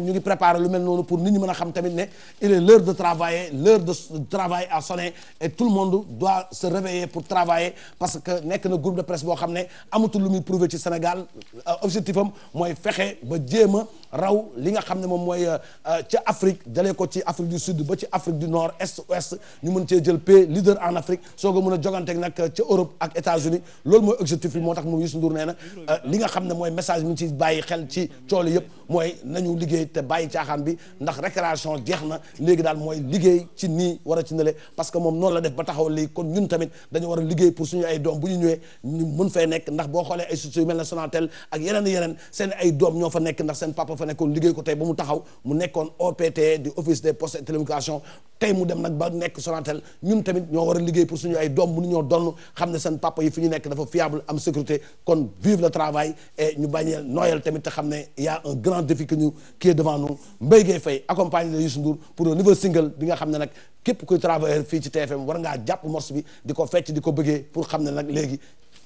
ñu ngi préparer lu mel noonu pour nit ñi mën a xam tamit ne il est l'heure de travailler l'heure de travail a sonné et tout le monde doit se réveiller pour travailler parce que nekk na groupe de presse boo xam ne amatul lu muy prouver ci Sénégal euh, objectif am mooy fexe ba jéem a raw li nga xam ne moom mooy euh, ca Afrique dalee ko ci Afrique du Sud ba ci Afrique du Nord est ouest ñu mën cee jël pays leader en Afrique soog a mën a joganteeg nag ca Europe ak États-Unis loolu mooy objectif bi moo tax moom Youssou Ndour nee na euh, li nga xam ne mooy message mu ci bàyyi xel ci coolu yëpp mooy nañu liggéey te bàyyi caaxaan bi ndax récréation jeex na léegi daal mooy liggéey ci nii war a ci nele parce que moom noonu la def ba taxaw lii kon ñun tamit dañu war a liggéey pour suñu ay doom bu ñu ñëwee ñu mën fay nekk ndax boo xoolee ay su yu mel ne Sonatel ak yeneen yeneen seen ay doom ñoo fa nekk ndax seen papa fa nekkoon liggéey ko tey ba mu taxaw mu nekkoon OPT di office des postes et télécommunications tey mu dem nag ba nekk Sonatel ñun tamit ñoo war a liggéey pour suñu ay doom mënu ñoo donn xam ne seen papa yi fu ñu nekk dafa fiable am sécurité kon vive le travail et ñu bañee nooyal tamit te xam ne yaa a un grand défi que ñu qui est devant nous Mbaye Gueye accompagne accompagné de Youssou Ndour pour un nouveau single bi nga xam ne nag képp kuy travailleur fii ci TFM war ngaa jàpp morceau bi di ko fecc di ko bëggee pour xam ne nag léegi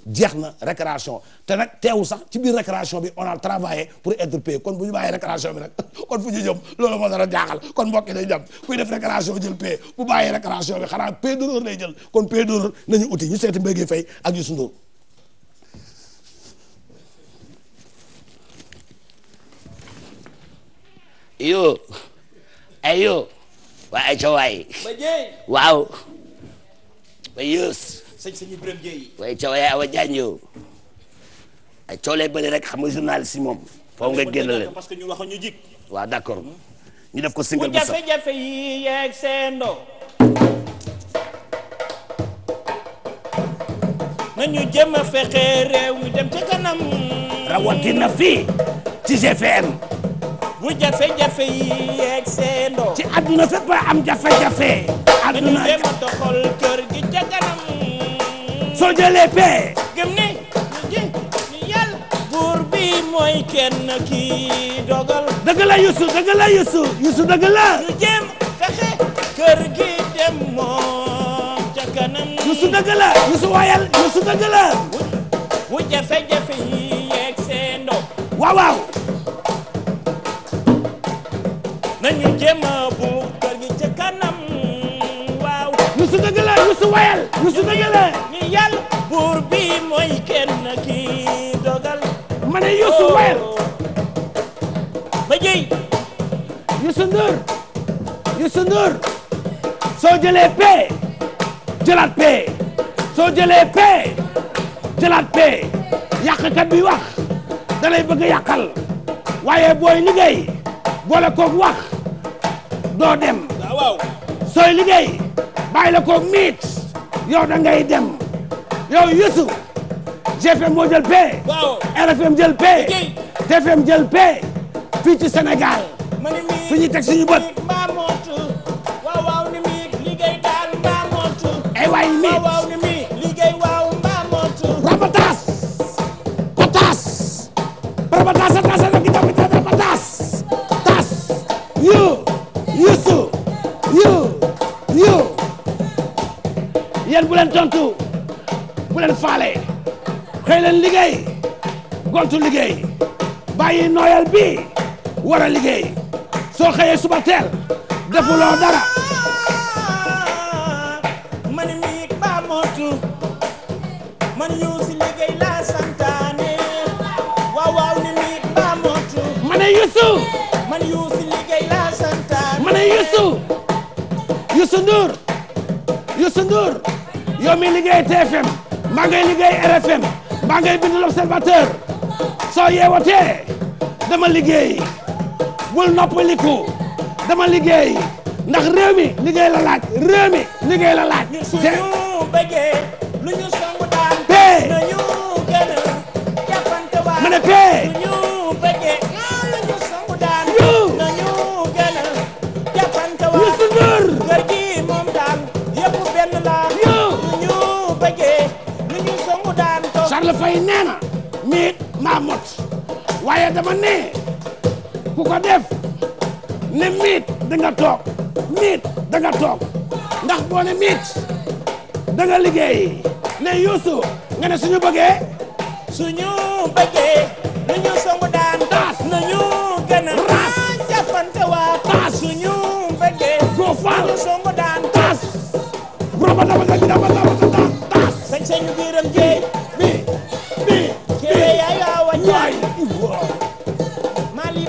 jeex na récréation te nag teewu sax ci biir récréation bi on a travaillé pour être payé kon bu ñu bàyyee récréation bi nag kon fu ñu jëm loolu moo dara jaaxal kon mbokk yi dañu dem kuy def récréation jël payé bu bàyyee récréation bi xanaa payé d'honneur lay jël kon payé d'honneur nañu uti ñu seeti Mbaye Guèye Faye ak Youssou Ndour sëñ sëñ Ibrahima Dieye. waaye coow yaay Awa Diagne ay coow lay bëri rek xam nga journaliste yi moom. foo nga génn leen parce que ñu wax ñu jik. waaw d'accord ñu def ko single bu sax jafe-jafe yi yeeg seendo nañu jëm a fexe réew mi dem ca kanam. rawatina fii ci GFM. bu jafe-jafe yi yeeg seendo ci àdduna fépp am jafe-jafe. àdduna de l'épée gëm ni yàlla buur bi mooy kenn ki dogal dëgg la Youssou dëgg la Youssou Youssou dëgg la ñu jéem fexe kër gi dem moom ca kanam Youssou buur kër gi ca kanam su dëgg la ñu su wayal ñu su dëgg la ñu yàlla buur bi oh. jëlee paix bi wax da bëgg a yàqal waaye booy liggéey boole koog wax doo dem. sooy liggéey. bàyyi la ko miit yow da ngay dem yow Youssou GFM moo jël paie. RFM jël paie. TFM jël paie fii ci Sénégal fi ñuy teg suñu bët. waaw waaw ni miit liggéey daal mbaa motu. ay eh waay miit. xëy leen liggéey gontu liggéey bàyyi nooyal bi war liggéey soo xëyee suba teel defuloo dara man mi ba ba mootu man yu Yusu Yusu Ndour Yusu Ndour yow liggéey TFM maa ngay liggéey RFM mbaa ngay bind l'observateur soo yeewatee dama liggéey bul noppaliku dama liggéey ndax réew liggéey la laaj liggéey la waaye dama ne ku ko def ne miit da toog miit da toog ndax boo ne miit da liggéey ne Youssou nga ne suñu bëggee suñu bëggee lu songu daal yi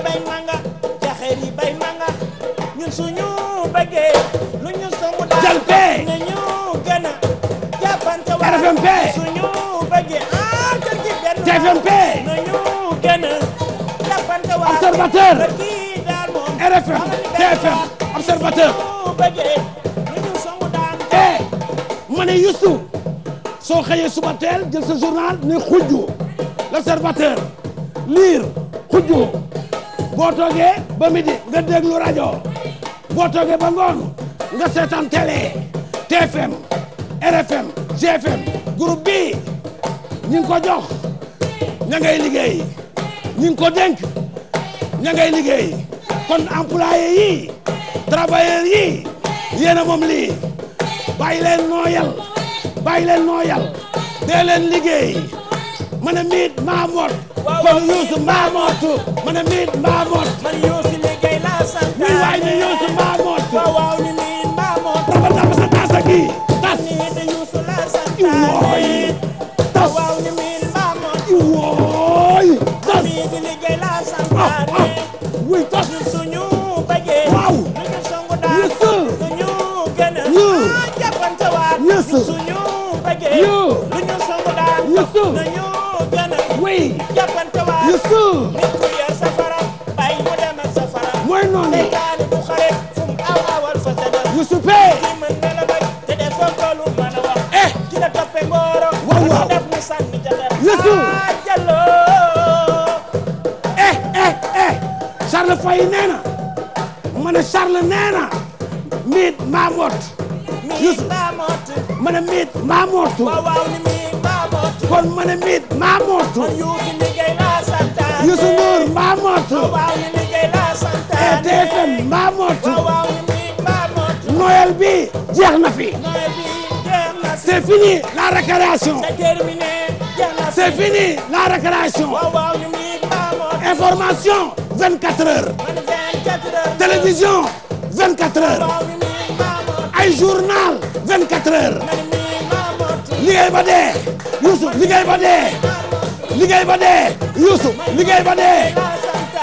TFMP ah, observateur observateur bëggee lu ñu song daan eh ma ne soo xëyee suba teel jël sa journal ne xujju l'observateur lire xujju boo toogee nga déglu rajo boo toogee ba ngoon nga seetaan télé TFM RFM GFM groupe bi ñu ko jox ña liggéey ñu ngi ko dénk ña ngay liggéey kon employé yi travailleurs yi yéen a lii bàyyi leen nooyal bàyyi liggéey man a miit kon Youssou mbaa mootu ma ne miit mbaa moot man Youssou liggéey laa sant ni waay ni Youssou mbaa moot waaw ni miit mbaa moot dafa dafa sa tasa gi tas ni de Youssou laa sant wooy tas waaw ni miit mbaa moot wooy tas Youssou liggéey laa sant wuy tas suñu bëggee waaw nga songu daal Youssou suñu gën a jàppante waat Youssou suñu bëggee lu ñu songu daal Youssou Youssou. mooy noonu. Youssou Charles Faye nee na. Charles nee miit maa kon ma miit maa Youssou Ndour maa mott TFM maa mott c'est fini la récréation c'est fini la récréation information 24 télévision 24 heures journal 24 heures liggéey liggéey ba dee Youssou liggéey ba dee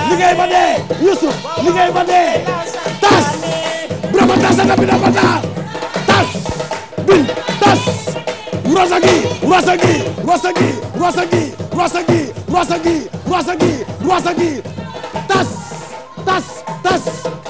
liggéey ba dee Youssou liggéey ba dee tas Birama tas a nabi na ba taa tas bin tas rosagi rosagi rosagi rosagi rosagi rosagi rosagi rosagi tas tas tas